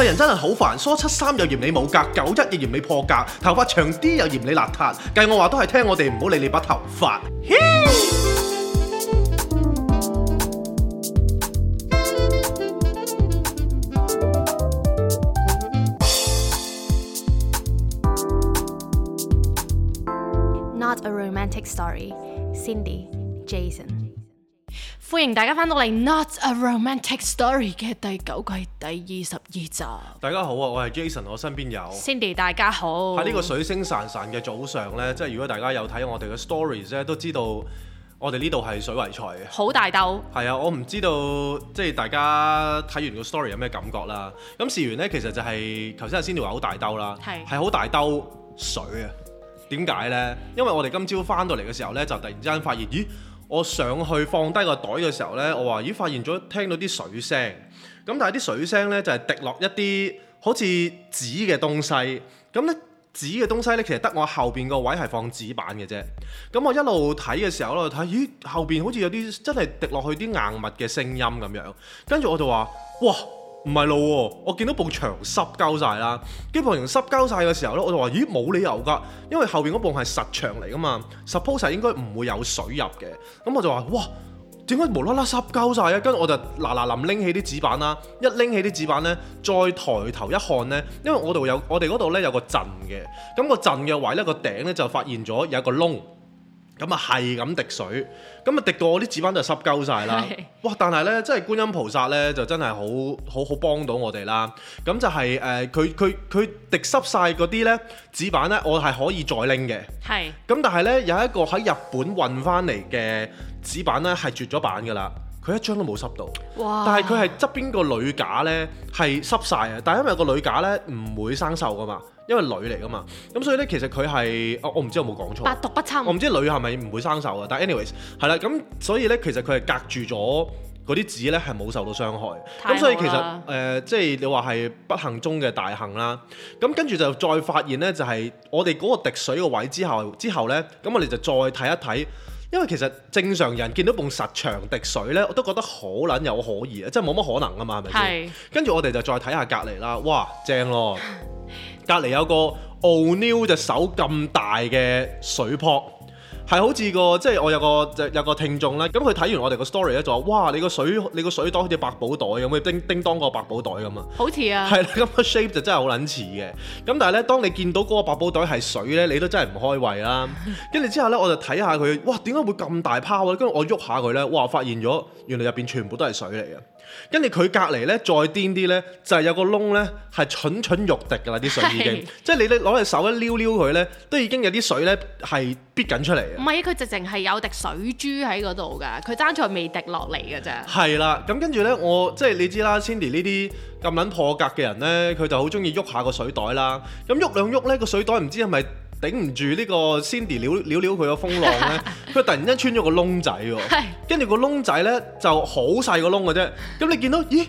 世人真係好煩，梳七三又嫌你冇格，九一又嫌你破格，頭髮長啲又嫌你邋遢，計我話都係聽我哋唔好理你把頭髮。Not a romantic story. Cindy, Jason. 歡迎大家翻到嚟《Not a Romantic Story》嘅第九季第二十二集。大家好啊，我係 Jason，我身邊有 Cindy，大家好。喺呢個水聲潺潺嘅早上呢，即係如果大家有睇我哋嘅 stories 咧，都知道我哋呢度係水為財嘅，好大兜。係啊，我唔知道即係、就是、大家睇完個 story 有咩感覺啦。咁事緣呢，其實就係頭先阿 Cindy 話好大兜啦，係好是大兜水啊。點解呢？因為我哋今朝翻到嚟嘅時候呢，就突然之間發現咦～我上去放低個袋嘅時候呢，我話咦，發現咗聽到啲水聲，咁但係啲水聲呢，就係滴落一啲好似紙嘅東西，咁呢紙嘅東西呢，其實得我後邊個位係放紙板嘅啫，咁我一路睇嘅時候我一路睇，咦後邊好似有啲真係滴落去啲硬物嘅聲音咁樣，跟住我就話哇！唔係路喎，我見到部牆濕膠晒啦。跟住部牆濕膠晒嘅時候咧，我就話：咦，冇理由㗎，因為後邊嗰部係實牆嚟㗎嘛。Suppose 應該唔會有水入嘅。咁我就話：哇，點解無啦啦濕膠晒啊？跟住我就嗱嗱臨拎起啲紙板啦，一拎起啲紙板咧，再抬頭一看咧，因為我度有我哋嗰度咧有個陣嘅，咁、個陣嘅位咧、個頂咧就發現咗有一個窿。咁啊係咁滴水，咁啊滴到我啲紙板就濕鳩晒啦。是哇！但係咧，真係觀音菩薩咧就真係好好好幫到我哋啦。咁就係、是、誒，佢佢佢滴濕晒嗰啲咧紙板咧，我係可以再拎嘅。係是。咁但係咧有一個喺日本運翻嚟嘅紙板咧係絕咗版㗎啦，佢一張都冇濕到。哇！但係佢係側邊個鋁架咧係濕晒。啊，但係因為個鋁架咧唔會生鏽㗎嘛。因為女嚟噶嘛，咁所以咧其實佢係、哦，我唔知有冇講錯，我唔知女係咪唔會生鏽啊，但 anyways 係啦，咁所以咧其實佢係隔住咗嗰啲紙咧係冇受到傷害，咁所以其實誒、呃、即係你話係不幸中嘅大幸啦。咁跟住就再發現咧就係、是、我哋嗰個滴水個位之後之後咧，咁我哋就再睇一睇，因為其實正常人見到埲實牆滴水咧，我都覺得好撚有可疑啊，即係冇乜可能噶嘛，係咪先？是跟住我哋就再睇下隔籬啦，哇，正咯！ 隔離有個奧尼爾隻手咁大嘅水泡，係好似個即係我有個有個聽眾咧，咁佢睇完我哋個 story 咧，就話：哇！你個水你個水袋好似百寶袋咁，叮叮當個百寶袋咁啊！好似啊，係啦，咁個 shape 就真係好撚似嘅。咁但係咧，當你見到嗰個百寶袋係水咧，你都真係唔開胃啦。跟住之後咧，我就睇下佢，哇！點解會咁大泡咧？跟住我喐下佢咧，哇！發現咗，原來入邊全部都係水嚟嘅。跟住佢隔離咧，再癲啲咧，就係、是、有個窿咧，係蠢蠢欲滴噶啦啲水已經，是即係你咧攞隻手一撩撩佢咧，都已經有啲水咧係逼緊出嚟。唔係，佢直情係有滴水珠喺嗰度噶，佢爭在未滴落嚟嘅啫。係啦，咁、嗯、跟住咧，我即係你知啦，Cindy 呢啲咁撚破格嘅人咧，佢就好中意喐下個水袋啦。咁喐兩喐咧，個水袋唔知係咪？頂唔住呢個 Cindy 撩撩撩佢個風浪咧，佢突然間穿咗個窿仔喎，跟住 個窿仔咧就好細個窿嘅啫。咁你見到，咦？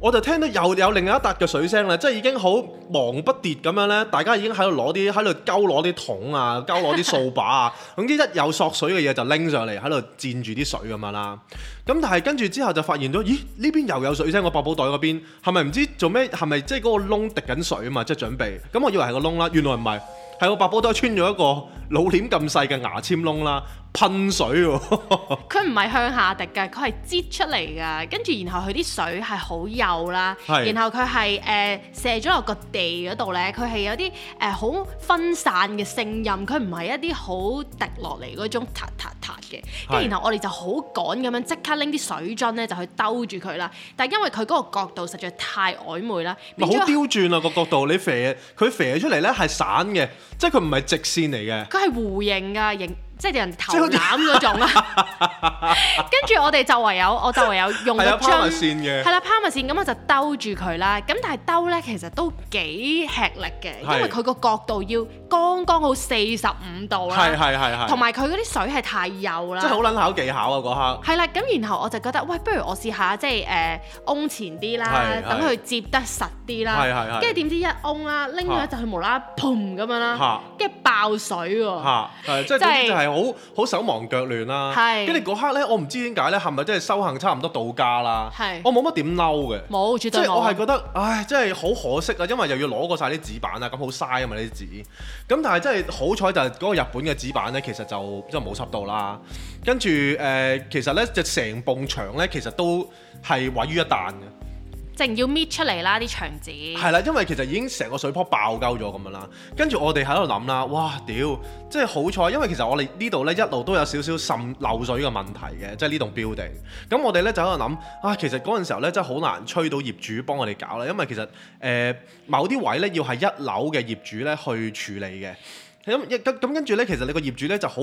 我就聽到又有另外一笪嘅水聲啦，即係已經好忙不迭咁樣咧，大家已經喺度攞啲喺度勾攞啲桶啊，勾攞啲掃把啊，總之、 嗯、一有索水嘅嘢就拎上嚟喺度攢住啲水咁樣啦。咁但係跟住之後就發現咗，咦？呢邊又有水聲，個百寶袋嗰邊係咪唔知做咩？係咪即係嗰個窿滴緊水啊嘛？即係準備。咁我以為係個窿啦，原來唔係。係我個白布袋穿咗一個老臉咁細嘅牙籤窿啦。噴水喎！佢唔係向下滴嘅，佢係擠出嚟㗎。跟住然後佢啲水係好幼啦，然後佢係誒射咗落個地嗰度咧。佢係有啲誒好分散嘅聲音，佢唔係一啲好滴落嚟嗰種塔塔塔嘅。跟住是的 然後我哋就好趕咁樣即刻拎啲水樽咧就去兜住佢啦。但係因為佢嗰個角度實在太曖昧啦，好刁轉啊個角度你肥佢肥出嚟咧係散嘅，即係佢唔係直線嚟嘅。佢係弧形㗎形。即係人頭攬嗰種啊，跟住我哋就唯有我就唯有用拋物線嘅，係啦拋物線，咁我就兜住佢啦。咁但係兜咧，其實都幾吃力嘅，因為佢個角度要剛剛好四十五度啦，同埋佢嗰啲水係太幼啦，即係好撚考技巧啊嗰刻。係啦，咁然後我就覺得，喂，不如我試下即係誒，凹前啲啦，等佢接得實啲啦，跟住點知一凹啦，拎咗就去無啦砰咁樣啦，跟爆水喎、啊、嚇，係、啊、即係係好好手忙腳亂啦、啊。係跟住嗰刻咧，我唔知點解咧，係咪真係修行差唔多到家啦？係是我冇乜點嬲嘅，冇絕對冇。即係我係覺得，唉，即係好可惜啊，因為又要攞過晒啲紙板啊，咁好嘥啊嘛呢啲紙。咁但係真係好彩就係嗰個日本嘅紙板咧，其實就即係冇濕到啦。跟住誒、呃，其實咧就成埲牆咧，其實都係毀於一旦嘅。淨要搣出嚟啦啲牆紙，係啦，因為其實已經成個水泡爆鳩咗咁樣啦。跟住我哋喺度諗啦，哇屌！即係好彩，因為其實我哋呢度呢一路都有少少滲漏水嘅問題嘅，即係呢棟 building。咁我哋呢就喺度諗啊，其實嗰陣時候呢真係好難催到業主幫我哋搞啦，因為其實誒、呃、某啲位呢要係一樓嘅業主呢去處理嘅。咁咁跟住呢，其實你個業主呢就好。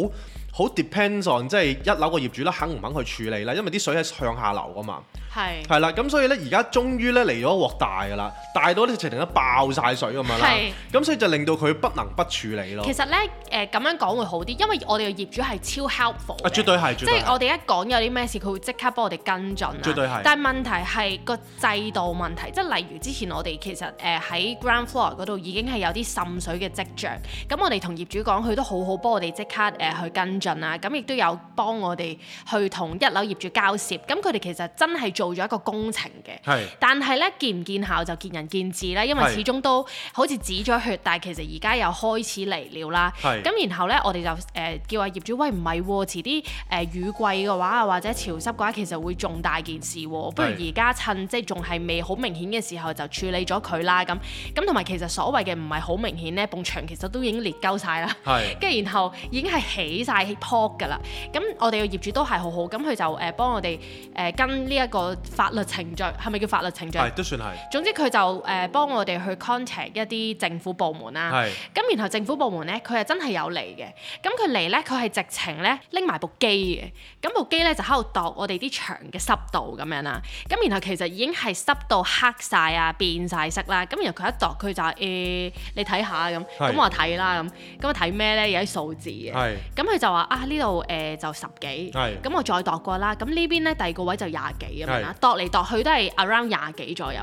好 depends on 即係一樓個業主咧肯唔肯去處理啦，因為啲水係向下流噶嘛。係係啦，咁所以咧而家終於咧嚟咗鑊大噶啦，大到咧直情突然間爆晒水咁樣啦。係。咁所以就令到佢不能不處理咯。其實咧誒咁樣講會好啲，因為我哋嘅業主係超 helpful。啊，絕對係，絕對係。即係我哋一講有啲咩事，佢會即刻幫我哋跟進，絕對係，對，但係問題係個制度問題，即係例如之前我哋其實誒喺、呃、ground floor 度已經係有啲滲水嘅跡象，咁我哋同業主講，佢都好好幫我哋即刻誒去跟。啊，咁亦都有幫我哋去同一樓業主交涉，咁佢哋其實真係做咗一個工程嘅。是但係呢見唔見效就見仁見智啦，因為始終都好似止咗血，但係其實而家又開始嚟了啦。咁是然後呢，我哋就誒、呃、叫阿業主，喂，唔係喎，遲啲誒、呃、雨季嘅話，或者潮濕嘅話，其實會重大件事喎、哦。不如而家趁是即仲係未好明顯嘅時候就處理咗佢啦。咁咁同埋其實所謂嘅唔係好明顯呢，墻其實都已經裂鳩晒啦。跟住是然後已經係起晒，破㗎啦，咁我哋嘅業主都係好好，咁佢就誒、呃、幫我哋誒、呃、跟呢一個法律程序，係咪叫法律程序？都算係。總之佢就誒、呃、幫我哋去 contact 一啲政府部門啦。咁是然後政府部門呢，佢係真係有嚟嘅。咁佢嚟呢，佢係直情呢拎埋部機嘅。咁部機呢，就喺度度我哋啲牆嘅濕度咁樣啦。咁然後其實已經係濕到黑晒啊，變晒色啦。咁然後佢一度，佢就誒、欸、你睇下咁。咁我睇啦咁。咁我睇咩呢？有啲數字嘅。咁佢是就話。啊呢度誒就十幾，咁我再度過啦。咁呢邊呢，第二個位就廿幾咁樣啦，度嚟度去都係 around 廿幾左右。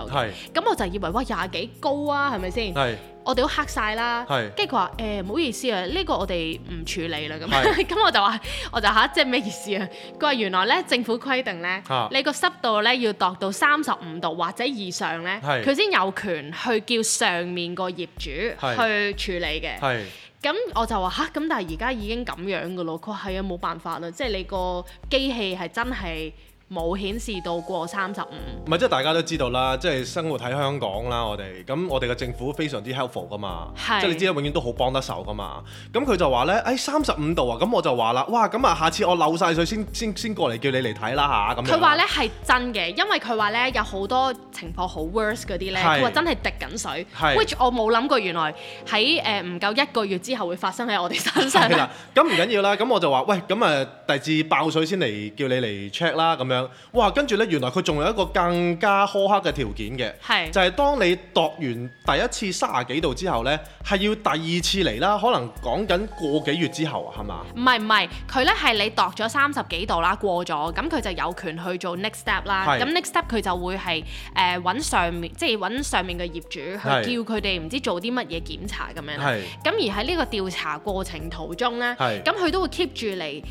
咁我就以為哇廿幾高啊，係咪先？我哋都黑晒啦。跟住佢話誒，唔好意思啊，呢個我哋唔處理啦咁。咁我就話我就嚇，即係咩意思啊？佢話原來呢政府規定呢，你個濕度呢要度到三十五度或者以上呢，佢先有權去叫上面個業主去處理嘅。咁我就話嚇，咁但係而家已經咁樣噶咯。佢話係啊，冇辦法啦，即係你個機器係真係。冇顯示到過三十五，唔係、嗯、即係大家都知道啦，即、就、係、是、生活喺香港啦，我哋咁我哋嘅政府非常之 helpful 㗎嘛，是即係你知啦，永遠都好幫得手㗎嘛。咁佢就話咧，誒三十五度啊，咁我就話啦，哇，咁啊下次我漏晒水先先先過嚟叫你嚟睇啦吓，咁佢話咧係真嘅，因為佢話咧有好多情況好 worse 嗰啲咧，佢話是真係滴緊水是，which 我冇諗過原來喺誒唔夠一個月之後會發生喺我哋身上。嗱，咁唔緊要啦，咁 我就話喂，咁啊直至爆水先嚟叫你嚟 check 啦，咁樣。哇！跟住咧，原來佢仲有一個更加苛刻嘅條件嘅，是就係當你度完第一次三十幾度之後咧，係要第二次嚟啦。可能講緊個幾月之後啊，係嘛？唔係唔係，佢咧係你度咗三十幾度啦，過咗，咁佢就有權去做 next step 啦是。咁 next step 佢就會係誒揾上面，即係揾上面嘅業主去叫佢哋唔知做啲乜嘢檢查咁樣。咁是而喺呢個調查過程途中咧，咁佢是都會 keep 住嚟。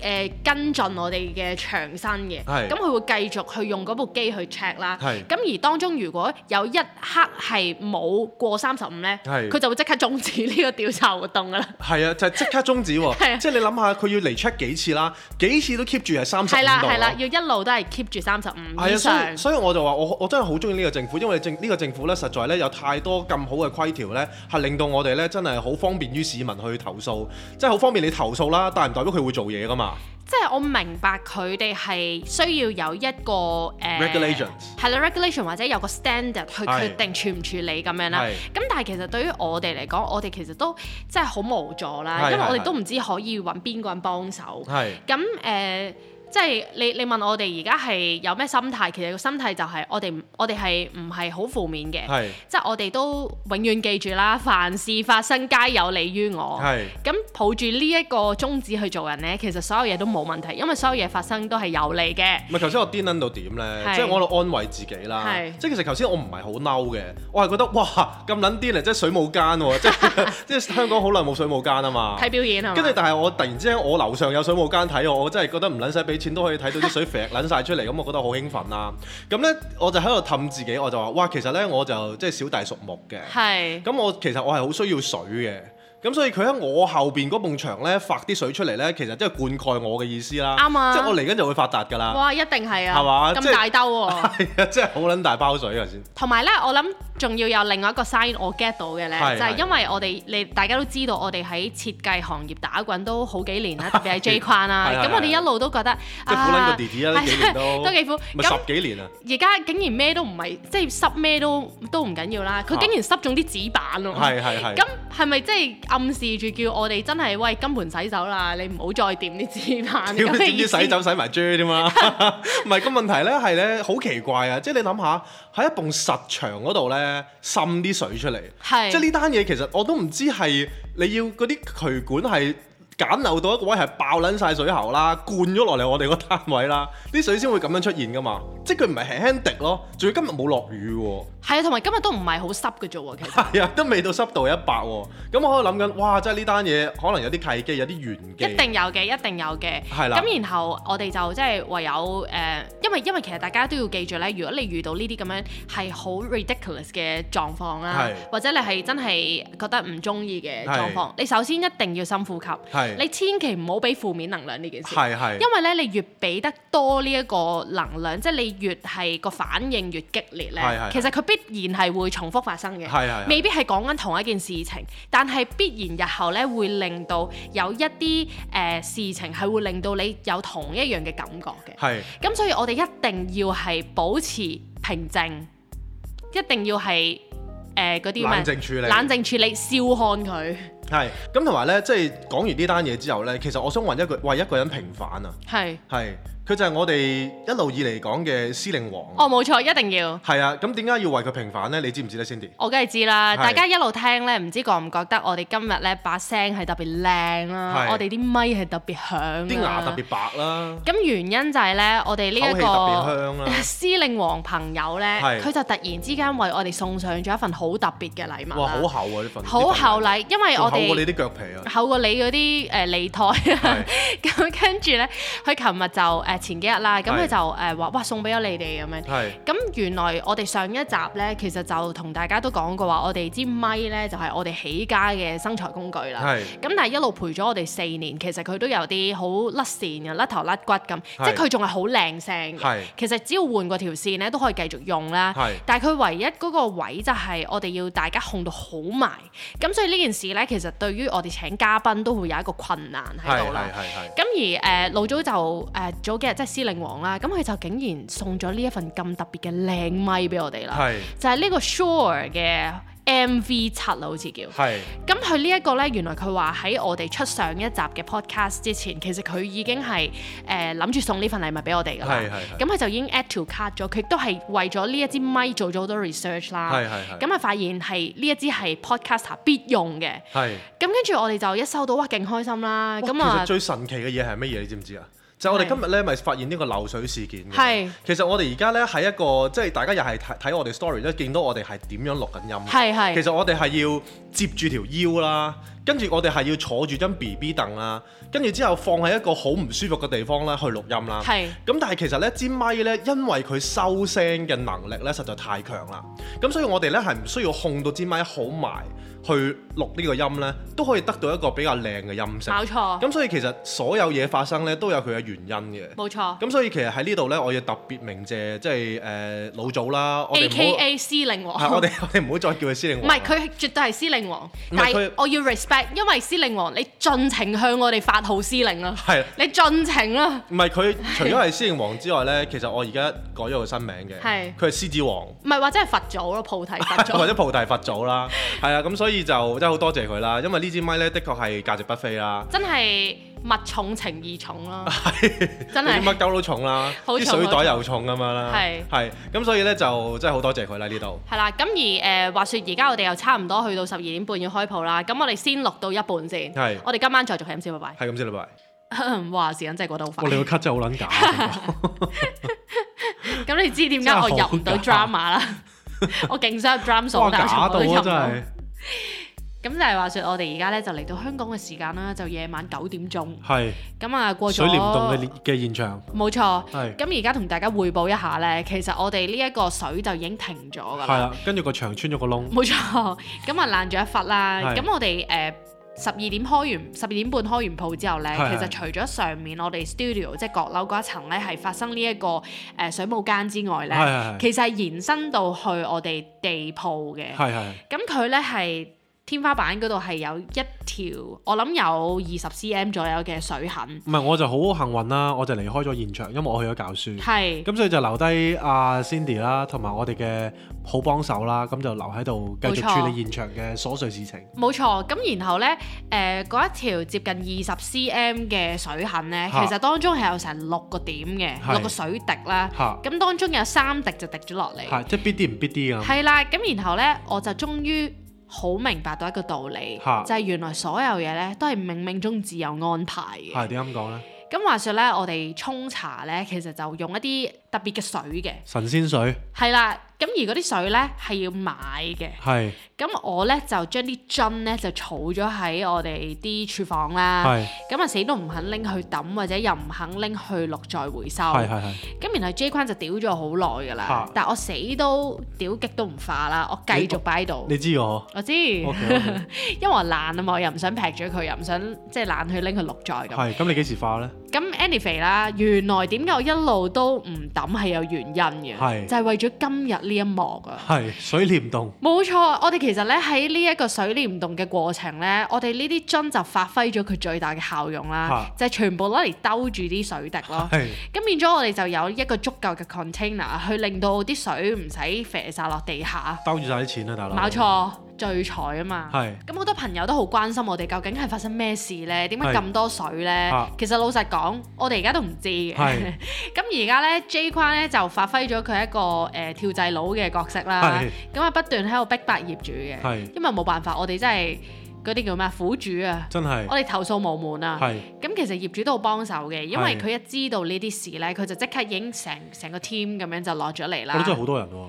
誒跟進我哋嘅長身嘅，咁佢是會繼續去用嗰部機去 check 啦。咁是而當中如果有一刻係冇過三十五呢，佢就會即刻終止呢個調查活動噶啦。係啊，就即、是、刻終止喎。 啊、即係你諗下，佢要嚟 check 幾次啦，幾次都 keep 住係三十五度。係啦、啊，係啦、啊，要一路都係 keep 住三十五以上。係啊，所以，所以我就話我我真係好中意呢個政府，因為呢個政府呢，實在呢，有太多咁好嘅規條呢，係令到我哋呢，真係好方便於市民去投訴，即係好方便你投訴啦，但係唔代表佢會做嘢噶嘛。即係我明白佢哋係需要有一個誒，呃，regulation，係啦，regulation 或者有個 standard 去決定處唔處理咁樣啦。咁係但係其實對於我哋嚟講，我哋其實都真係好無助啦，係因為我哋都唔知可以揾邊個人幫手。係咁誒。即係你你問我哋而家係有咩心態，其實個心態就係我哋我哋係唔係好負面嘅，是即係我哋都永遠記住啦，凡事發生皆有利於我。咁是抱住呢一個宗旨去做人呢，其實所有嘢都冇問題，因為所有嘢發生都係有利嘅。唔係頭先我癲撚到點呢？是即係我喺度安慰自己啦是。即係其實頭先我唔係好嬲嘅，我係覺得哇咁撚癲嚟，即係水舞間，即即係香港好耐冇水舞間啊嘛。睇 表演啊。跟住但係我突然之間我樓上有水舞間睇我，我真係覺得唔撚使俾錢 都可以睇到啲水甩撚晒出嚟，咁 我覺得好興奮啦、啊！咁咧，我就喺度氹自己，我就話：哇，其實咧，我就即係小弟屬木嘅。係是。咁我其實我係好需要水嘅，咁所以佢喺我後面邊嗰埲牆咧發啲水出嚟咧，其實即係灌溉我嘅意思啦。啱啊吧。即係我嚟緊就會發達噶啦。哇！一定係啊。係嘛吧？咁大兜喎。係啊，真係好撚大包水啊！先。同埋咧，我諗。仲要有另外一個 sign，我 get 到嘅咧，就係因為我哋你大家都知道，我哋喺設計行業打滾都好幾年啦，特別係 J 框啦。咁我哋一路都覺得，即係好撚個 DT 啊，都幾年都都幾苦。咁十幾年啦！而家竟然咩都唔係，即係濕咩都都唔緊要啦。佢竟然濕中啲紙板喎！係係係。咁係咪即係暗示住叫我哋真係喂金盆洗手啦？你唔好再掂啲紙板。屌，點知洗手洗埋硃添啦？唔係個問題咧，係咧好奇怪啊！即係你諗下喺一棟實場嗰度咧。誒滲啲水出嚟，係即係呢單嘢其實我都唔知係，你要嗰啲渠管係簡陋到一個位係，爆撚晒水喉啦，灌咗落嚟我哋個單位啦，啲水先會咁樣出現噶嘛。即佢唔係輕輕滴咯，仲要今日冇落雨喎。係啊，同埋今日都唔係好濕嘅啫喎，其實係啊，都未到濕度一百喎。咁、嗯、我喺度諗緊，哇！即係呢單嘢可能有啲契機，有啲玄機。一定有嘅，一定有嘅。係啦。咁然後我哋就即係唯有誒、呃，因為因為其實大家都要記住咧，如果你遇到呢啲咁樣係好 ridiculous 嘅狀況啦、啊，是 或者你係真係覺得唔中意嘅狀況，是 是 你首先一定要深呼吸，是 是的 你千祈唔好俾負面能量呢件事。係是的 因為咧，因為你越俾得多呢一個能量，即係你。越係個反應越激烈咧，是的 其實佢必然係會重複發生嘅，是的 未必係講緊同一件事情，是的 但係必然日後咧會令到有一啲誒、呃、事情係會令到你有同一樣嘅感覺嘅。係，咁所以我哋一定要係保持平靜，一定要係誒嗰啲咩？冷靜處理，冷靜處理，笑看佢。係，咁同埋咧，即、就、係、是、講完呢單嘢之後咧，其實我想問一句：為一個人平反啊？係，係。佢就係我哋一路以嚟講嘅司令王。哦，冇錯，一定要。係啊，咁點解要為佢平反咧？你知唔知咧，Cindy？我梗係知啦。大家一路聽咧，唔知覺唔覺得我哋今日咧把聲係特別靚啦，我哋啲咪係特別響，啲牙特別白啦。咁原因就係咧，我哋呢一個司令王朋友咧，佢就突然之間為我哋送上咗一份好特別嘅禮物。哇！好厚啊！呢份。好厚禮，因為我哋厚過你啲腳皮啊。厚過你嗰啲誒脷苔啊。咁跟住咧，佢琴日就前幾日啦，咁佢就誒話哇送俾咗你哋咁樣，咁是原來我哋上一集咧，其實就同大家都講過話，我哋支咪咧就係我哋起家嘅生財工具啦，咁是但係一路陪咗我哋四年，其實佢都有啲好甩線嘅，甩頭甩骨咁，是即係佢仲係好靚聲，其實只要換過條線咧都可以繼續用啦，是但係佢唯一嗰個位就係我哋要大家控到好埋，咁所以呢件事咧其實對於我哋請嘉賓都會有一個困難喺度啦，咁而誒、呃、老早就、呃、早就誒早。即係司令王啦，咁佢就竟然送咗呢一份咁特別嘅靚咪俾我哋啦。係是就係是呢個 Sure 嘅 MV 插好似叫。係咁佢呢一個咧，原來佢話喺我哋出上一集嘅 Podcast 之前，其實佢已經係誒諗住送呢份禮物俾我哋噶啦。係咁佢就已經 add to cart 咗，佢亦都係為咗呢一支咪做咗好多 research 啦。係係係咁啊，發現係呢一支係 Podcaster 必用嘅。係咁跟住我哋就一收到，哇！勁開心啦。咁啊，其實最神奇嘅嘢係乜嘢？你知唔知啊？就我哋今日咧，咪係發現呢個漏水事件嘅。係其實我哋而家咧喺一個，即係大家又係睇睇我哋 story 咧，見到我哋係點樣錄緊音。係係。其實我哋係要接住條腰啦。跟住我哋係要坐住張 B B 凳啦，跟住之後放喺一個好唔舒服嘅地方咧，去錄音啦。咁是但係其實咧，支咪咧，因為佢收聲嘅能力咧，實在太強啦。咁所以我哋咧係唔需要控到支咪好埋去錄呢個音咧，都可以得到一個比較靚嘅音色。冇錯。咁所以其實所有嘢發生咧，都有佢嘅原因嘅。冇錯。咁所以其實喺呢度咧，我要特別鳴謝、就是，即係誒老祖啦。A K A 司令王。我哋我哋唔好再叫佢司令王。唔係，佢絕對係司令王。唔係佢，我要 respect 因為獅靈王，你盡情向我哋發號施令是啊！係，你盡情啦。唔係佢，除咗係獅靈王之外咧，其實我而家改咗個新名嘅。係。佢係獅子王。唔係，或者係佛祖咯，祖 菩提佛祖。或者菩提佛祖啦，係啊，咁所以就真係好多謝佢啦。因為呢支咪咧，的確係價值不菲啦。真係。物重情義重咯，係，真係，乜鳩都重啦，好似水袋又重咁樣啦，係，係，咁所以咧就真係好多謝佢啦呢度。係啦，咁而誒話説而家我哋又差唔多去到十二點半要開鋪啦，咁我哋先錄到一半先，係，我哋今晚再續，係咁先，拜拜。係咁先拜拜。哇，時間真係過得好快，我哋個 cut 真係好撚搞。咁你知點解我入唔到 drama 啦？我勁想入 drama，傻到我真係。咁就係話説，我哋而家咧就嚟到香港嘅時間啦，就夜晚九點鐘。係。咁啊，過咗水舞間嘅嘅現場。冇錯。咁而家同大家彙報一下咧，其實我哋呢一個水就已經停咗㗎啦。係啦。跟住個牆穿咗個窿。冇錯。咁啊爛咗一忽啦。咁我哋誒十二點開完，十二點半開完鋪之後咧，其實除咗上面我哋 studio 即係閣樓嗰一層咧，係發生呢一個誒水舞間之外咧，其實係延伸到去我哋地鋪嘅。係咁佢咧係。天花板嗰度係有一條，我諗有二十 cm 左右嘅水痕。唔係，我就好幸運啦，我就離開咗現場，因為我去咗教書。係是。咁所以就留低阿 Cindy 啦，同埋我哋嘅好幫手啦，咁就留喺度繼續處理現場嘅瑣碎事情。冇錯。咁然後呢，誒、呃、嗰一條接近二十 cm 嘅水痕呢，其實當中係有成六個點嘅，六是個水滴啦。嚇是。咁當中有三滴就滴咗落嚟。即係邊啲唔邊啲啊？係啦，咁然後呢，我就終於。好明白到一個道理，哈就係原來所有嘢咧都係冥冥中自有安排嘅。係點講咧？咁話説咧，我哋沖茶咧，其實就用一啲。特別嘅水嘅神仙水係啦，咁而嗰啲水咧係要買嘅。係咁我咧就將啲樽咧就儲咗喺我哋啲廚房啦。係咁啊，死都唔肯拎去抌，或者又唔肯拎去錄在回收。係係係。咁然後 J 昆就屌咗好耐㗎啦，但係我死都屌極都唔化啦，我繼續擺喺度。你知我？我知，因為我懶啊嘛，又唔想劈咗佢，又唔想即係懶去拎去錄在咁。係咁，你幾時化咧？咁 anyway 啦，anyway，原來點解我一路都唔抌係有原因嘅，是就係為咗今日呢一幕啊，係水簾洞，冇錯。我哋其實咧喺呢一個水簾洞嘅過程咧，我哋呢啲樽就發揮咗佢最大嘅效用啦，是就全部攞嚟兜住啲水滴咯。咁是變咗我哋就有一個足夠嘅 container 去令到啲水唔使飛晒落地下，兜住晒啲錢啊大佬，冇錯。聚財啊嘛，咁好是多朋友都好關心我哋究竟係發生咩事呢？點解咁多水呢？啊、其實老實講，我哋而家都唔知嘅。咁而家呢，J 框咧就發揮咗佢一個誒、呃、跳掣佬嘅角色啦。咁啊是不斷喺度逼迫白業主嘅，是因為冇辦法，我哋真係嗰啲叫咩苦主啊！真係的，我哋投訴無門啊。咁是其實業主都好幫手嘅，因為佢一知道呢啲事呢，佢就即刻影成成個 team 咁樣就落咗嚟啦。我真係好多人喎、啊。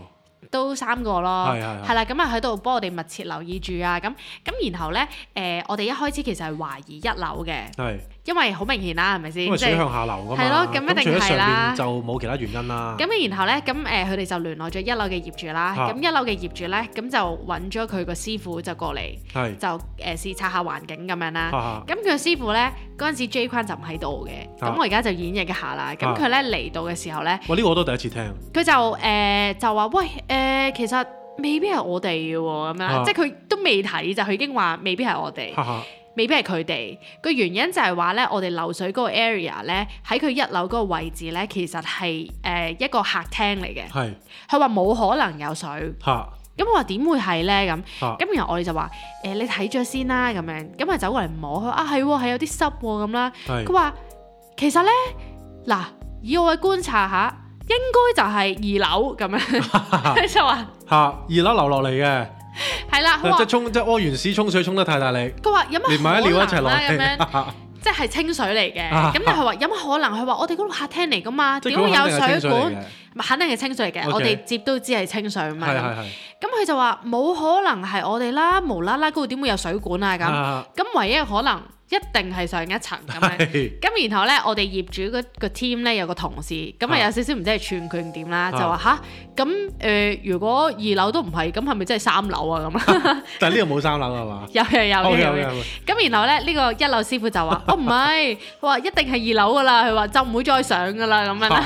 都三個咯，係啦的，咁啊喺度幫我哋密切留意住啊，咁咁然後呢，誒、呃，我哋一開始其實係懷疑一樓嘅。因為好明顯啦，係咪先？因為水向下流噶嘛。係咯，咁一定係啦。住喺上邊就冇其他原因啦。咁然後咧，咁誒佢哋就聯絡咗一樓嘅業主啦。咁一樓嘅業主咧，咁就揾咗佢個師傅就過嚟，就誒視察下環境咁樣啦。咁佢師傅咧，嗰陣時 J 坤就唔喺度嘅。咁我而家就演繹一下啦。咁佢咧嚟到嘅時候咧，喂，呢個我都第一次聽。佢就誒就話喂誒，其實未必係我哋喎咁樣，即係佢都未睇就佢已經話未必係我哋。未必係佢哋個原因，就係話咧，我哋漏水嗰個 area 咧，喺佢一樓嗰個位置咧，其實係誒一個客廳嚟嘅。係佢話冇可能有水。嚇，咁我話點會係咧咁？咁哈然後我哋就話誒、欸，你睇咗先啦、啊、咁樣。咁佢走過嚟摸，佢啊係喎，係、啊、有啲濕喎咁啦。佢話是其實咧，嗱，以我嘅觀察下，應該就係二樓咁樣。佢就話嚇，二樓流落嚟嘅。係啦， 啊、即係沖，即係屙完屎沖水沖得太大力，佢話有乜可能？連埋一尿一齊落，即係清水嚟嘅。咁又係話有乜可能？佢話我哋嗰度客廳嚟噶嘛，點是會有水管？肯定係清水嚟嘅，Okay. 我哋接都只係清水嘛。咁佢就話冇可能係我哋啦，無啦啦嗰度點會有水管啊？咁咁 唯一可能。一定係上一層咁樣，咁然後咧，我哋業主個 team 咧有個同事，咁啊有少少唔知係串佢定點啦，就話吓咁誒，如果二樓都唔係，咁係咪真係三樓啊？咁啊？但係呢度冇三樓係嘛？有有有有有。咁然後咧，呢個一樓師傅就話，我唔係，佢話一定係二樓㗎啦，佢話就唔會再上㗎啦，咁樣啦。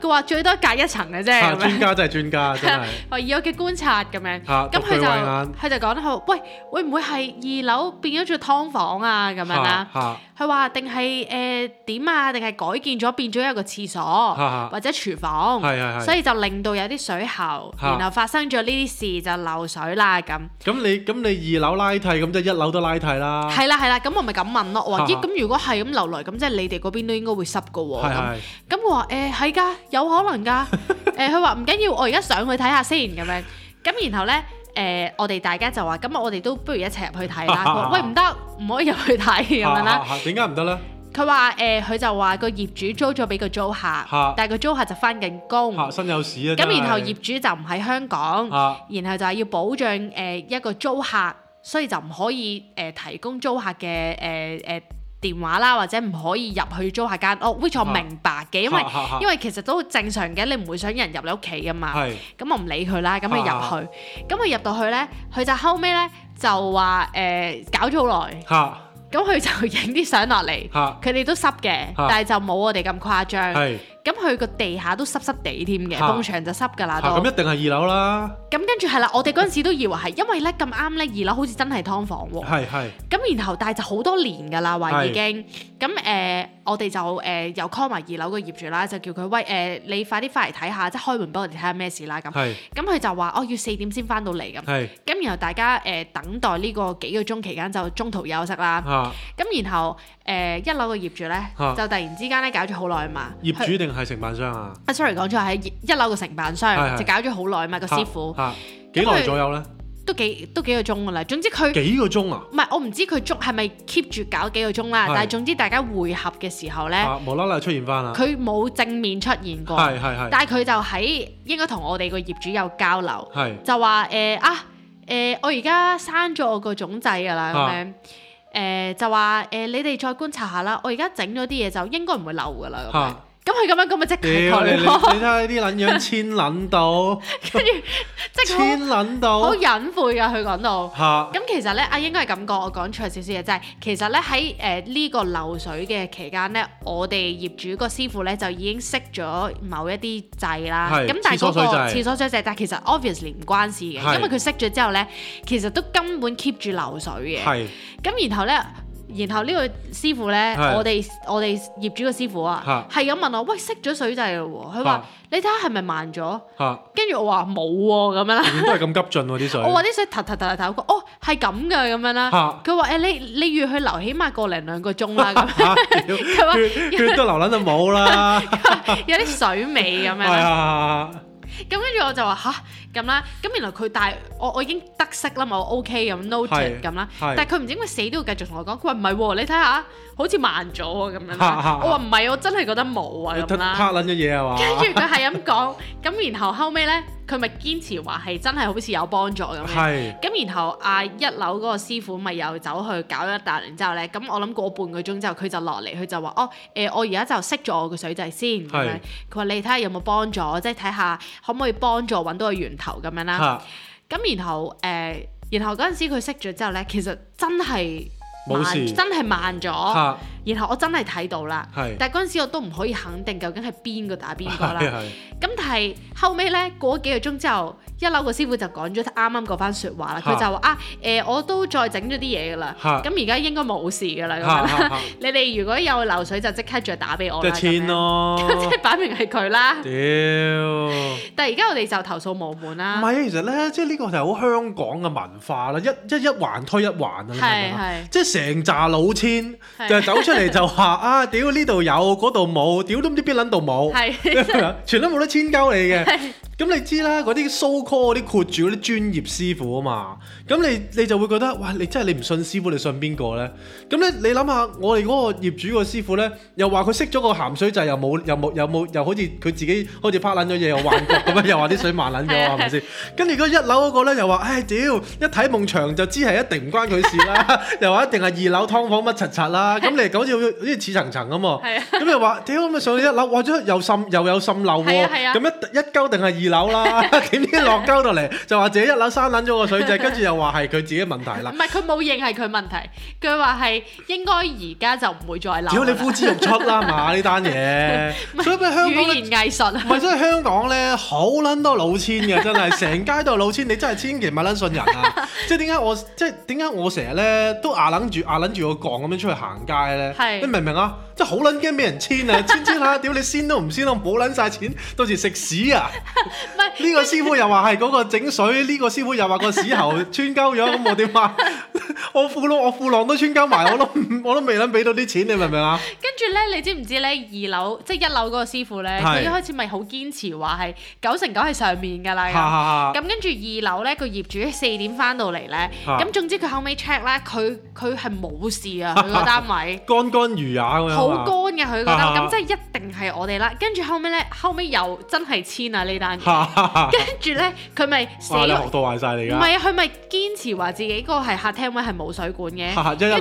佢話最多隔一層嘅啫。專家真係專家，真係。話二樓嘅觀察咁樣，咁佢就佢就講啦，佢話：喂，會唔會係二樓變咗住劏房啊？咁樣啦。佢話定係誒點啊？定係改建咗變咗一個廁所，或者廚房，所以就令到有啲水喉，然後發生咗呢啲事就漏水啦咁。咁你咁你二樓拉替咁，即係一樓都拉替啦。係啦係啦，咁我咪咁問咯。我話咦，咁如果係咁流來，咁即係你哋嗰邊都應該會濕噶喎。咁咁佢話誒係噶，有可能噶。誒，佢話唔緊要，我而家上去睇下先咁樣。咁然後呢。誒、呃，我哋大家就話，咁我哋都不如一齊入去睇啦。 喂，唔得，唔可以入去睇咁樣啦。點解唔得咧？佢話誒，佢、呃、就話個業主租咗俾個租客， 但係個租客就返緊工，身 有事咁，啊、然後業主就唔喺香港， 然後就係要保障誒、呃、一個租客，所以就唔可以誒、呃、提供租客嘅誒誒。呃呃電話啦，或者唔可以入去租下間屋，which 我明白嘅，因為 因為其實都正常嘅，你唔會想有人入你屋企噶嘛。咁是 我唔理佢啦，咁佢入去，咁佢入到去呢，佢就後尾呢就話誒，搞咗好耐，咁佢就影啲相落嚟，佢哋都濕嘅，但係就冇我哋咁誇張。咁佢個地下都濕濕地添嘅，通常就濕噶啦。咁一定係二樓啦。咁跟住係啦，我哋嗰陣時都以為係，因為咧咁啱咧二樓好似真係劏房喎。咁然後但係就好多年噶啦話已經，咁誒我哋就誒又 call 埋二樓嘅業主啦，就叫佢喂，誒你快啲翻嚟睇下，即係開門俾我哋睇下咩事啦。咁咁佢就話哦，要四點先翻到嚟咁。咁然後大家誒等待呢個幾個鐘期間就中途休息啦。咁然後誒一樓嘅業主咧就突然之間咧搞咗好耐啊嘛。業主係承辦商啊！啊，sorry，講錯係一樓嘅承辦商，就搞咗好耐啊嘛。個師傅，嚇幾耐左右咧？都幾都幾個鐘噶啦。總之佢幾個鐘啊？唔係我唔知佢捉係咪 keep 住搞幾個鐘啦。但係總之大家會合嘅時候咧，無啦啦出現翻啦。佢冇正面出現過，但係佢就喺應該同我哋個業主有交流，就話誒啊誒，我而家刪咗我個總掣㗎啦咁樣誒，就話誒你哋再觀察下啦。我而家整咗啲嘢，就應該唔會漏㗎啦咁佢咁樣咁咪即係佢咯？你睇下呢啲撚樣千撚到，跟住即係千撚到，好隱晦噶佢講到。咁是其實咧，應該係咁講，我講錯少少嘢，就係、是、其實咧喺誒呢、呃呢個漏水嘅期間咧，我哋業主個師傅咧就已經熄咗某一啲掣啦。咁是但係、那、嗰個廁所水掣，但係其實 obviously 唔關事嘅，是因為佢熄咗之後咧，其實都根本 keep 住漏水嘅。係是。咁然後咧。然後呢個師傅咧，我哋我哋業主個師傅啊，係咁問我，喂，熄咗水掣咯，佢話你睇下係咪慢咗？跟住我話冇喎，咁樣啦。都係咁急進喎啲水。我話啲水突突突突突過。哦，係咁嘅，咁樣啦。佢話：誒，你你要去留，起碼個零兩個鐘啦。佢話：佢都留撚到冇啦，有啲水味咁樣。咁跟住我就話吓，咁啦，咁原來佢大我我已經得戚啦嘛，我 OK 咁 noted 咁啦，但係佢唔知點解死都要繼續同我講，佢話唔係喎，你睇下好似慢咗喎咁樣， 我話唔係，我真係覺得冇啊拍撚嘅嘢係嘛，跟住佢係咁講，咁 然，然後後尾咧。佢咪堅持話係真係好似有幫助咁樣，咁是然後阿、啊、一樓嗰個師傅咪又走去搞一笪，然之後咧，咁我諗過半個鐘之後佢就落嚟，佢就話：哦，誒、呃，我而家就熄咗我個水掣先，咁樣。佢話是你睇下有冇幫助，即係睇下可唔可以幫助揾到個源頭咁樣啦、啊。咁是然後誒、呃，然後嗰陣時佢熄咗之後咧，其實真係。慢沒事 真係慢咗，哈 然後我真係睇到啦，是 但係嗰陣時我都唔可以肯定究竟係邊個打邊個啦。咁是但係後尾咧，過咗幾個鐘之後，一樓個師傅就講咗啱啱嗰番説話啦，佢就話啊誒，我都再整咗啲嘢㗎啦，咁而家應該冇事㗎啦。咁你哋如果有流水就即刻再打俾我。即係千咯，即係擺明係佢啦。屌！但係而家我哋就投訴無門啦。唔係啊，其實咧，即係呢個就係好香港嘅文化啦，一一一環推一環啊，即係成紮老千就走出嚟就話啊，屌，呢度有嗰度冇，屌都唔知邊撚度冇，全都冇得千交你嘅。咁你知啦，嗰啲 so call 啲括住啲專業師傅啊嘛，咁你你就會覺得，哇！你真係你唔信師傅，你信邊個咧？咁咧你諗下，我哋嗰個業主個師傅咧，又話佢識咗個鹹水掣，又冇又冇又冇，又好似佢自己好似拍撚咗嘢，又幻覺咁啊，又話啲水慢撚咗啊，係咪先？ 跟住嗰一樓嗰個咧又話，唉、哎、屌！一睇夢牆就知係一定唔關佢事啦， 又話一定係二樓劏房乜柒柒啦。咁你係講住好似似層層咁啊，咁 又話屌咁咪上去一樓，或者又滲又有滲漏喎，咁、哦、 一一鳩定係二樓啦，點知落鳩到嚟，就話自己一樓生撚咗個水仔。跟住 又話係佢自己問題啦。唔係佢冇認係佢問題，佢話係應該而家就唔會再鬧。屌 你呼之欲出啦嘛呢單嘢。 嗯、所以咩香港語言藝術？唔係，所以香港咧好撚多老千嘅，真係成街都係老千， 你真係千祈唔好撚信人啊！ 即係點解我即係點解我成日咧都啊撚住啊撚住個槓咁樣出去行街咧？ 你明唔明啊？即係好撚驚俾人千啊！千千下，屌你先都唔先，我冇撚曬錢，到時食屎啊！呢個師傅又話係嗰個整水，呢 個師傅又話個屎喉穿鳩咗，咁 我點啊？ 我褲窿我褲浪都穿鳩埋，我都我都未諗俾到啲錢，你明唔明啊？跟住咧，你知唔知咧？二樓即係一樓嗰個師傅咧，佢一開始咪好堅持話係九成九係上面㗎啦。咁跟住二樓咧，個業主四點翻到嚟咧，咁總之佢後尾 check 咧，佢佢係冇事啊，佢個單位乾乾如也㗎，好乾嘅佢覺得，咁即係一定係我哋啦。跟住後尾咧，後尾又真係簽啊呢單嘅。跟住咧，佢咪哇！你學多壞曬你㗎。唔係啊，佢咪堅持話自己個係客廳位。係冇水管嘅，跟住係一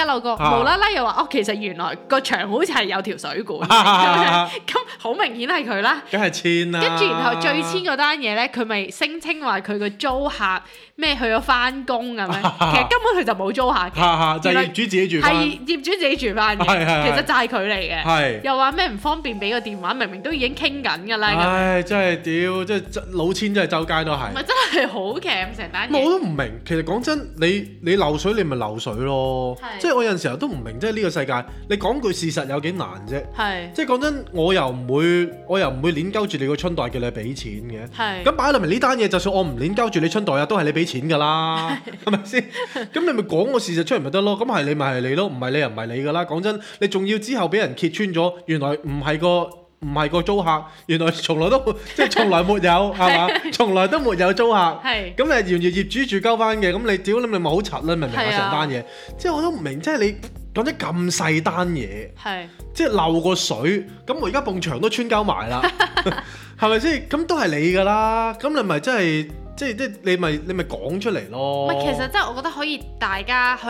樓個，無啦啦又話哦，其實原來個牆好似係有條水管，咁好明顯係佢啦。梗係簽啦，跟住然後最簽嗰單嘢咧，佢咪聲稱話佢個租客咩去咗翻工咁樣，其實根本佢就冇租客嘅，就業主自己住，係業主自己住翻，其實就係佢嚟嘅，又話咩唔方便俾個電話，明明都已經傾緊㗎啦，唉真係屌，真真老千真係周街都係，唔係真係好賬成單嘢，我都唔明，其實講真你。你漏水你咪漏水咯，是即係我有陣時候都唔明，即係呢個世界，你講句事實有幾難啫？係是，即係講真，我又唔會，我又唔會黏鳩住你個春袋叫你俾錢嘅。係是，咁擺到明呢單嘢，就算我唔黏鳩住你春袋啊，都係你俾錢噶啦，係咪先？咁吧 你咪講個事實出嚟咪得咯？咁係你咪係你咯，唔係你又唔係你噶啦。講真，你仲要之後俾人揭穿咗，原來唔係個。唔係個租客，原來從來都 即係從來沒有係嘛，從 來都沒有租客。係咁 你然業業主住交翻嘅，咁 是、啊、你屌你咪好柒啦，明唔明啊？成單嘢，即係我都唔明，即係你講咗咁細單嘢， 是啊、即係漏個水，咁我而家埲牆都穿膠埋 啦，係咪先？咁都係你㗎啦，咁你咪真係。即係即係你咪你咪講出嚟咯。唔係其實即係我覺得可以大家去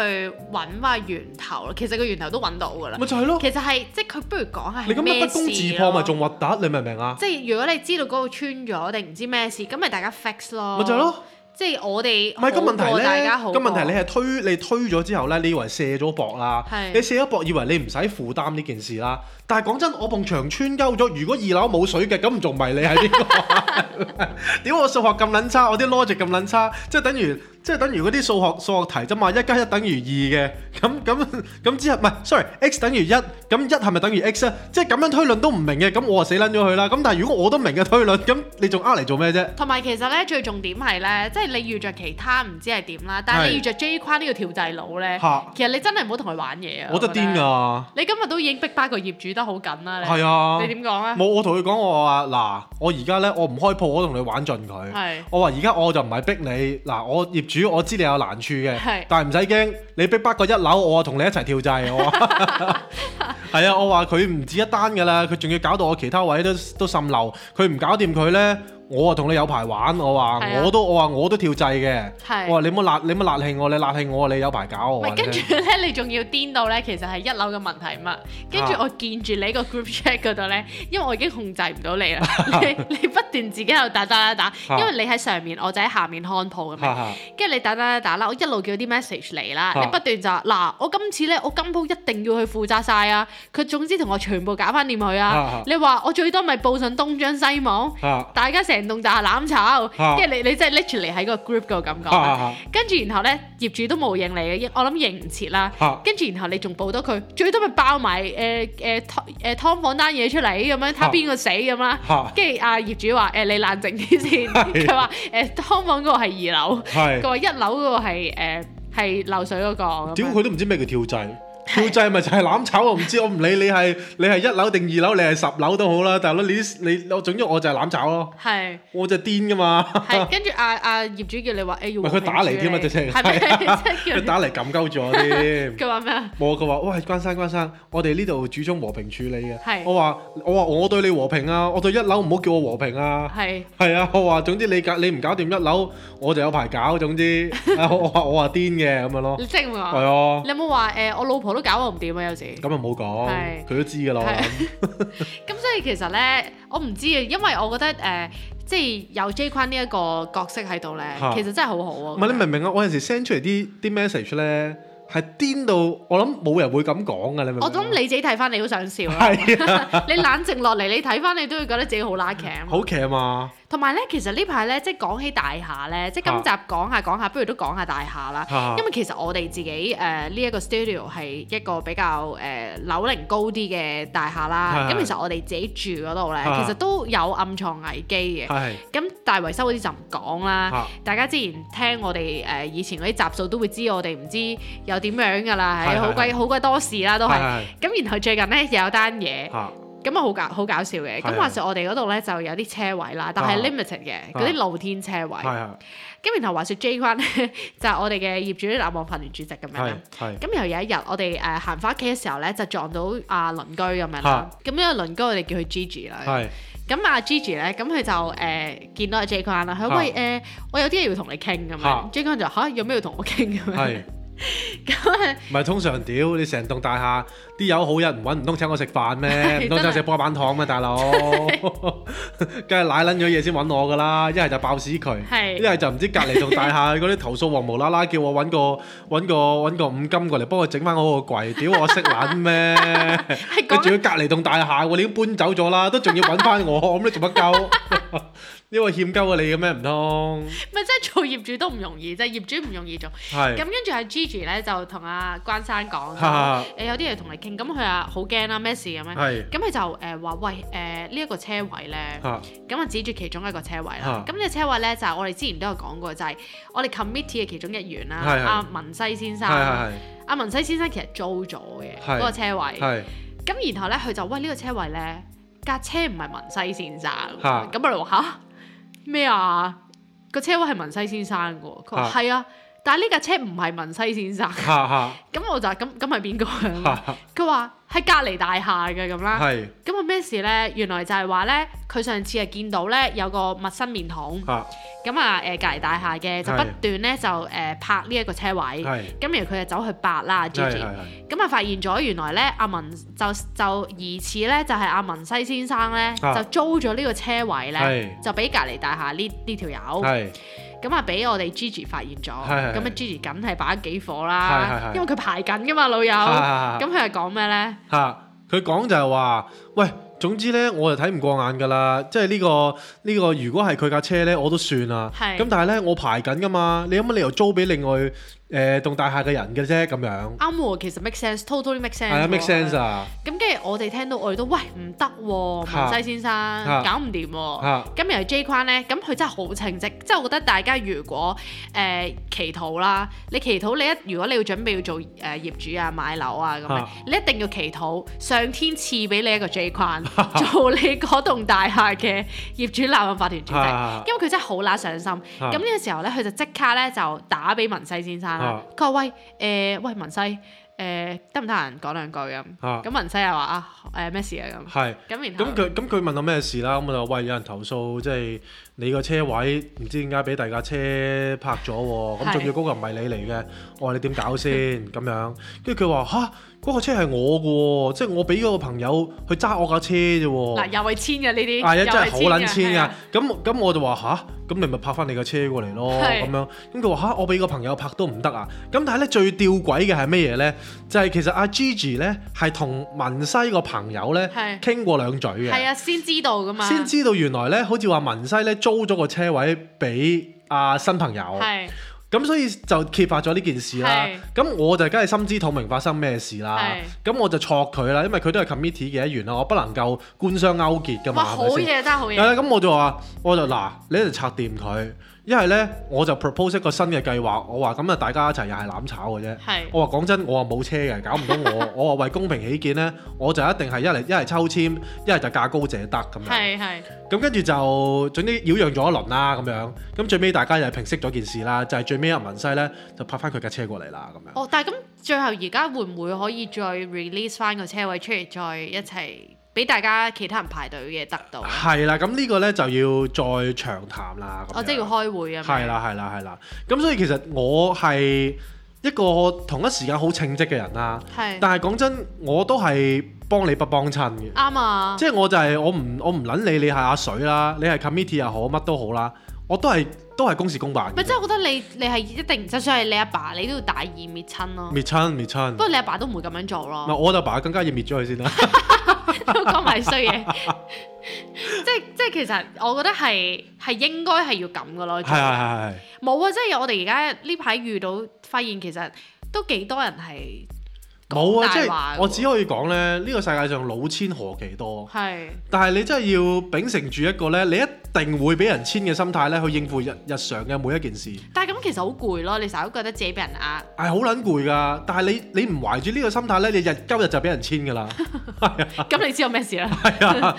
揾下源頭咯。其實個源頭都揾到㗎啦。咪就係咯。其實係即係佢不如講係。你咁樣不攻自破咪仲核突？你明唔明啊？即係如果你知道嗰個穿咗定唔知咩事，咁咪大家 fix 咯。咪就係咯。即係我哋。唔係個問題大家好。個問題你係推你推咗之後咧，你以為卸咗膊啊？係的。你卸咗膊，以為你唔使負擔呢件事啦。但係講真，我碰牆穿鳩咗。如果二樓冇水嘅，咁仲唔係你係邊個？屌我數學咁撚差，我啲邏輯咁撚差，即係等於即係等於嗰啲數學數學題啫嘛。一加一等於二嘅，咁咁咁之後唔係，sorry，x 等於一，咁一係咪等於 x 咧？即係咁樣推論都唔明嘅，咁我啊死撚咗佢啦。咁但係如果我都明嘅推論，咁你仲呃嚟做咩啫？同埋其實咧，最重點係咧，即係你遇著其他唔知係點啦，但係你遇著 J 框呢個調制佬咧，其實你真係唔好同佢玩嘢啊！我得癲㗎。你今日都已經逼返個業主得。好緊啊，你係啊，啊你點講咧？我我同佢講，我話嗱，我而家咧，我唔開鋪我同你玩盡佢。係是，我話而家我就唔係逼你嗱，我業主，我知你有難處嘅，係是，但係唔使驚，你逼不個一樓，我啊同你一齊跳掣。係 啊，我話佢唔止一單噶啦，佢仲要搞到我其他位都都滲漏，佢唔搞掂佢咧。我啊同你有排玩，我話我都我話我都跳掣嘅，我話你冇辣，你冇辣氣我，你辣氣我，你有排搞我。跟住咧，你仲要癲到咧，其實係一樓嘅問題嘛。跟住我見住你個 group chat 嗰度咧，因為我已經控制唔到你啦，你不斷自己又打打打打，因為你喺上面，我就喺下面看舖咁嘛。跟住你打打打打啦，我一路叫啲 message 嚟啦，你不斷就話嗱，我今次咧我今鋪一定要去負責晒啊，佢總之同我全部搞翻掂佢啊，你話我最多咪報上東張西望，大家成。動大廈攬炒，即係、啊、你你真係 literally 喺個 group 嗰個感覺，跟住、啊啊、然後咧業主都冇應你，嘅，我諗應唔切啦。跟住、啊、然後你仲補多佢，最多咪爆埋誒誒誒劏房單嘢出嚟咁樣，睇下邊個死咁啦。跟住啊，啊，業主話：誒、呃、你冷靜啲先。佢話是：誒劏、呃、房嗰個係二樓，佢話是一樓嗰個係誒係漏水嗰、那個。點解佢都唔知咩叫跳掣？跳掣咪就係攬炒，我唔知，我唔理你係你係一樓定二樓，你係十樓都好啦，大佬你你，我總之我就係攬炒咯，我就癲噶嘛。係，跟住阿阿業主要你話，誒要和平處理，咪佢打嚟添啊，直情係即係叫人打嚟撳鳩咗添。佢話咩啊？冇佢話，喂關生關生，我哋呢度主張和平處理嘅。係，我話我話我對你和平啊，我對一樓唔好叫我和平啊。係係啊，我話總之你搞你唔搞掂一樓，我就有排搞。總之我我話我話癲嘅咁樣咯。你識㗎？係啊。你有冇話誒？我老婆都。都搞我唔掂啊！有時咁又唔好講，佢是都知噶啦。咁所以其實咧，我唔知啊，因為我覺得誒、呃，即係有 J 昆呢一個角色喺度咧，啊、其實真係好好啊。唔係不的你明唔明啊？我有時 send 出嚟啲啲 message 咧。係癲到，我諗冇人會咁講噶，你明唔明？我諗你自己睇翻你好想笑，係 你冷靜落嚟，你睇翻你都會覺得自己好拉 camp。好 camp 啊！同埋咧，其實呢排咧，即係講起大廈咧，即係今集講下講下，不如都講下大廈啦。 因為其實我哋自己誒呢一個 studio 係一個比較誒樓、呃、齡高啲嘅大廈啦。咁 其實我哋自己住嗰度咧，其實都有暗藏危機嘅。咁 大維修嗰啲就唔講啦。 大家之前聽我哋誒、呃、以前嗰啲集數都會知我哋唔知有。點樣噶啦？係好鬼好鬼多事啦，都係咁。然後最近咧有單嘢，咁啊好搞好搞笑嘅。咁話說我哋嗰度咧就有啲車位啦，但係 limited 嘅嗰啲露天車位。咁然後話說 J 君咧就係我哋嘅業主立案法團主席咁樣，咁然後。有一日我哋誒行翻屋企嘅時候咧，就撞到阿鄰居咁樣啦。咁因為鄰居我哋叫佢 Gigi 啦。咁阿 Gigi 咧，咁佢就誒見到阿 J 君啦。佢，喂誒，我有啲嘢要同你傾咁樣。J 君就嚇，有咩要同我傾咁樣。咁係咪通常屌，你成棟大廈啲有好人唔揾，唔通請我食飯咩唔通請我食波板糖咩？大佬，梗係賴捻咗嘢先揾我噶啦，一係就爆屎渠，一係就唔知隔籬棟大廈嗰啲投訴王無啦啦叫我揾個揾個揾個五金過嚟幫我整翻我個櫃，屌我識捻咩？佢仲要隔籬棟大廈，你都搬走咗啦，都仲要揾翻我，咁你做乜鳩？因為欠鳩啊你嘅咩唔通？咪即係做業主都唔容易，就係業主唔容易做。係。咁跟住阿 Gigi 咧就同阿關生講，誒有啲嘢同你傾，咁佢話好驚啦，咩事咁樣？咁佢就誒話喂，誒呢一個車位咧，咁我指住其中一個車位啦。咁呢個車位咧就我哋之前都有講過，就係我哋 committee 嘅其中一員啦，阿文西先生。阿文西先生其實租咗嘅嗰個車位。咁然後咧佢就喂，呢個車位咧。架車唔係文西先生，咁佢話吓咩啊？個車位係文西先生噶喎，佢話係啊。但係呢架車唔係文西先生，咁 我就咁咁係邊個？佢話喺隔離大廈嘅，咁啦，咁啊咩事呢？gamma 原來就係話呢，佢上次係見到呢有個陌生面孔，咁啊誒隔離大廈嘅就不斷呢就誒拍呢一個車位，咁然後佢就走去拍啦，咁啊發現咗原來呢阿文就就疑似呢就係阿文西先生呢，就租咗呢個車位呢，就俾隔離大廈呢呢條友。咁啊俾我哋 Gigi 發現咗，咁啊 Gigi 梗係擺咗幾火啦，是是是因為佢排緊噶嘛老友，咁佢係講咩咧？嚇，佢講就係話，喂，總之咧我就睇唔過眼噶啦，即係呢、呢個呢、呢個如果係佢架車咧我都算啦，咁是的 但係咧我排緊噶嘛，你有乜理由租俾另外？誒棟大廈嘅人嘅啫咁樣，啱喎，其實 make sense，totally make sense，係啊，make sense 啊。咁跟住我哋聽到我哋都喂唔得喎，文西先生搞唔掂喎。咁由 J 框呢，咁佢真係好稱職，即係我覺得大家如果誒祈禱啦，你祈禱你一如果你要準備要做誒業主啊買樓啊咁樣，你一定要祈禱上天賜俾你一個 J 框做你嗰棟大廈嘅業主立案法團主席，因為佢真係好乸上心。咁呢個時候呢，佢就即刻呢，就打俾文西先生。佢話、啊：喂，誒、呃，喂文西，誒得唔得閒講兩句咁？咁、啊、文西又話：啊，誒、呃、咩事啊咁？係是。咁然後咁佢咁佢問我咩事啦？咁我就喂有人投訴，即、就、係、是、你個車位唔知點解俾第二架車拍咗喎。咁仲是要嗰個唔係你嚟嘅，我話你點搞先？咁 樣跟住佢話嚇。嗰個車係我嘅喎，即係我俾嗰個朋友去揸我架車啫喎。嗱、啊，又係千嘅呢啲，係啊，真係好撚千啊！咁咁、嗯嗯嗯、我就話吓，咁你咪拍翻你架車過嚟咯，咁是樣。咁佢話吓，我俾個朋友拍都唔得啊！咁但係咧，最吊鬼嘅係咩嘢咧？就係、是、其實阿、啊、Gigi 咧係同文西個朋友咧傾是過兩嘴嘅，係啊，先知道噶嘛，先知道原來咧，好似話文西咧租咗個車位俾阿、啊、新朋友。是咁所以就揭發咗呢件事啦。咁是我就梗係心知肚明發生咩事啦。咁是我就錯佢啦，因為佢都係 committee 嘅一員啦，我不能夠官商勾結㗎嘛。哇！好嘢，真係好嘢。係啦，咁、 嗯、我就話，我就嗱，你一齊拆掂佢。一係呢，我就 propose 一個新嘅計劃，我話咁啊，大家一齊又係攬炒嘅啫是。我話講真，我話冇車嘅，搞唔到我。 我話為公平起見呢，我就一定係一嚟一嚟抽籤，一係就價高者得咁樣。咁、嗯、跟住就總之擾攘咗一輪啦，咁樣。咁最尾大家又係平息咗件事啦，就係、是、最尾阿文西呢，就拍翻佢架車過嚟啦，咁樣。哦，但係咁最後而家會唔會可以再 release 翻個車位出嚟，再一齊？俾大家其他人排隊嘅得到係啦，咁呢個咧就要再長談啦。咁哦，即係要開會啊。係啦，係啦，係啦。咁所以其實我係一個同一時間好稱職嘅人啦。係的。但係講真，我都係幫理不幫親嘅。啱啊吧。即係我就係、是、我唔我唔撚理你係阿水啦，你係 committee 又好乜都好啦，我都係都係公事公辦。咪即係我覺得你你係一定，就算係你阿爸，爸，你都要大義滅親咯。滅親滅親。不過你阿爸都唔會咁樣做咯。唔係我阿爸，爸更加要滅咗佢先啦。 都講埋衰嘢，即係即係，其實我覺得係係應該係要咁嘅咯，係係係。冇 啊，即係我哋而家呢排遇到，發現其實都幾多人係。冇啊，即係我只可以講咧，呢個世界上老千何其多，係，但係你真係要秉承住一個咧，你一定會俾人千嘅心態咧，去應付日日常嘅每一件事。但係咁其實好攰咯，你成日都覺得自己俾人呃，係好撚攰噶，但係你你唔懷住呢個心態咧，你日今日就俾人千噶啦。咁你知有咩事啦？係啊。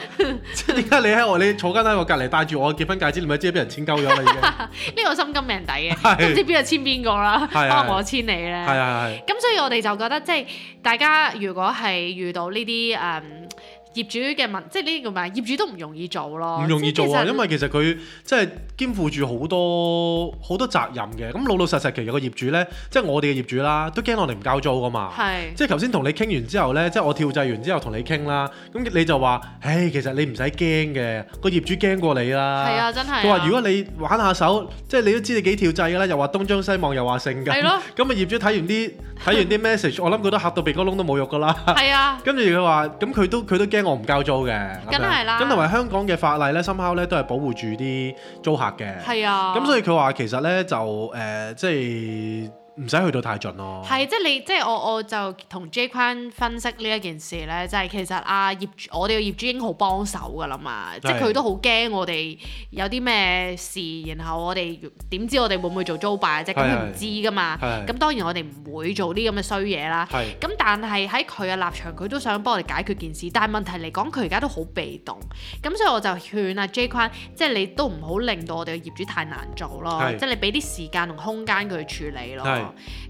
即係點解你喺我你坐緊喺我隔籬戴住我結婚戒指，你咪即係俾人千溝咗你已經呢個心甘命抵嘅，都唔知邊個千邊個啦，可能我千你咧。係啊係。咁所以我哋就覺得即係。大家如果係遇到呢啲誒。嗯業主嘅問，即係呢個咩？業主都唔容易做咯，唔容易做啊！實因為其實佢即係肩負住好多好多責任嘅。咁老老實實其實個業主呢，即係我哋嘅業主啦，都驚我哋唔交租噶嘛。是即係頭先同你傾完之後呢，即係我跳掣完之後同你傾啦。咁、嗯、你就話：唉，其實你唔使驚嘅，個業主驚過你啦。係啊，真係、啊。佢話：如果你玩下手，即係你都知你幾跳掣啦，又話東張西望，又話勝㗎。咁啊、嗯，業主睇完啲睇完啲 message， 我諗佢都嚇到鼻哥窿都冇肉㗎啦。係啊。跟住佢話：咁佢都佢都驚。我唔交租嘅，咁係啦。咁同埋香港嘅法例咧，深口咧都係保護住啲租客嘅。係啊。咁所以佢話其實咧就誒、呃，即係。唔使去到太盡咯，係即係你即係我我就同 Jay 坤分析呢一件事咧，就係、是、其實啊業主我哋個業主已經好幫手噶啦嘛，是即係佢都好驚我哋有啲咩事，然後我哋點知我哋會唔會做租霸即咁佢唔知噶嘛，咁是當然我哋唔會做啲咁嘅衰嘢啦。咁是但係喺佢嘅立場，佢都想幫我哋解決件事。但係問題嚟講，佢而家都好被動，咁所以我就勸阿 Jay 坤，ran，即係你都唔好令到我哋個業主太難做咯，是是即係你俾啲時間同空間佢去處理咯。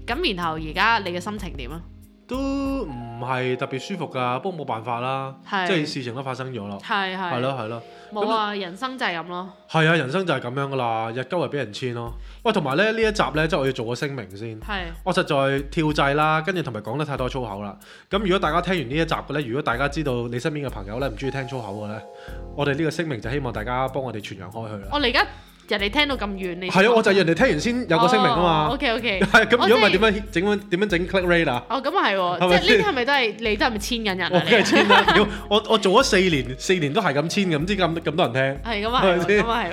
咁、哦，然後而家你嘅心情點啊？都唔係特別舒服噶，不過冇辦法啦，是即係事情都發生咗咯。係係係咯係咯，冇啊！人生就係咁咯。係、哦、啊，人生就係咁樣噶啦，日勾係俾人簽咯。喂，同埋咧呢一集呢，即係我要做個聲明先。係是我實在跳掣啦，跟住同埋講得太多粗口啦。咁如果大家聽完呢一集嘅咧，如果大家知道你身邊嘅朋友咧唔中意聽粗口嘅咧，我哋呢個聲明就希望大家幫我哋傳揚開去啦。我哋而家。人哋聽到咁遠，你係啊，我就係人哋聽完先有個聲明啊嘛。O K O K。係咁，如果唔係點樣整？點樣點樣整 Click rate 啊？哦，咁啊係，即係呢啲係咪都係你都係咪千緊人啊？我梗係千啦，我我做咗四年，四年都係咁千嘅，唔知咁咁多人聽。係㗎嘛，係咪先？咁啊係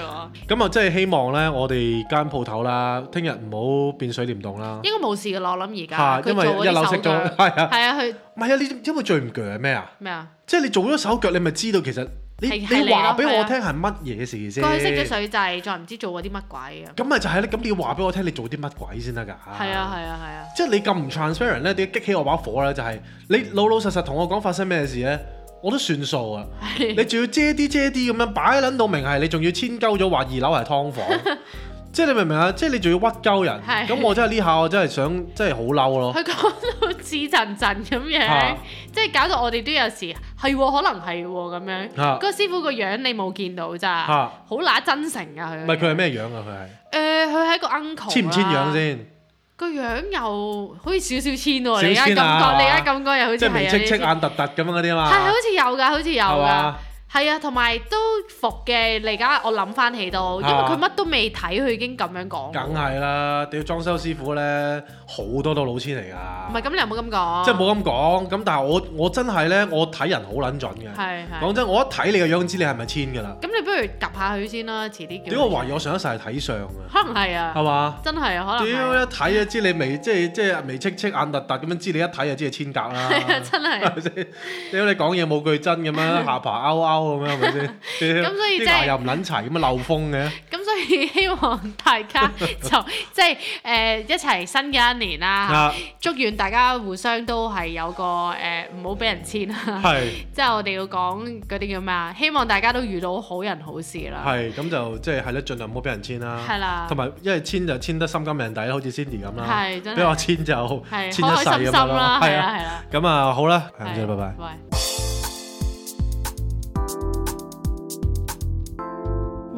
喎。咁啊，即係希望咧，我哋間鋪頭啦，聽日唔好變水簾洞啦。應該冇事嘅，我諗而家因為一樓熄咗。係啊，係啊，佢。唔係啊，你因為最唔鋸係咩啊？咩啊？即係你做咗手腳，你咪知道其實。你是你話俾我聽係乜嘢事先？佢熄咗水掣，再唔知做過啲乜鬼咁。咁咪就係咧，咁你要話俾我聽、啊啊啊，你做啲乜鬼先得㗎？係啊係啊係啊！即係你咁唔 transparent 咧，你要激起我把火咧？就係、是、你老老實實同我講發生咩事咧，我都算數啊！的你仲要遮啲遮啲咁樣擺撚到明係，你仲要遷鳩咗話二樓係劏房。 即係你明唔明啊？即係你仲要屈鳩人，咁我真係呢下我真係想，真係好嬲咯！佢講到似層層咁樣，即係搞到我哋都有時係，可能係咁樣。個師傅個樣你冇見到咋？好乸真誠啊佢！唔係佢係咩樣啊佢係？誒，佢係一個 uncle。千唔千樣先？個樣又好似少少千喎，你而家感覺，你而家感覺又好似係啊！即係眉清清、眼凸凸咁樣嗰啲啊嘛～係好似有㗎，好似有㗎。係啊，同埋都服嘅。你而家我諗翻起都，因為佢乜都未睇，佢已經咁樣講。梗係啦，屌裝修師傅咧好多都老千嚟㗎。唔係咁你又冇咁講。即係冇咁講，咁但係我我真係咧，我睇人好撚準嘅。係係。講真，我一睇你嘅樣，知你係咪千㗎啦。咁你不如夾下佢先啦，遲啲。點解我懷疑我上一世係睇相㗎、啊吧？可能係啊。係嘛？真係啊，可能。屌一睇啊，知你未即係即係眉戚戚眼凸凸咁樣，知你一睇就知係千格啦。 真係。屌你講嘢冇句真咁樣，下巴拗拗咁樣係咪先？咁所以即係又唔撚齊，咁啊漏風嘅。咁所以希望大家就即係誒一齊新嘅一年啦，祝願大家互相都係有個誒唔好俾人簽啦。係。即係我哋要講嗰啲叫咩啊？希望大家都遇到好人好事啦。係咁就即係係啦，盡量唔好俾人簽啦。係啦。同埋因為簽就簽得心甘命抵啦，好似 Cindy 咁啦。係真。俾我簽就簽一世咁啦。係啊係啊。咁啊好啦，唔該，拜拜。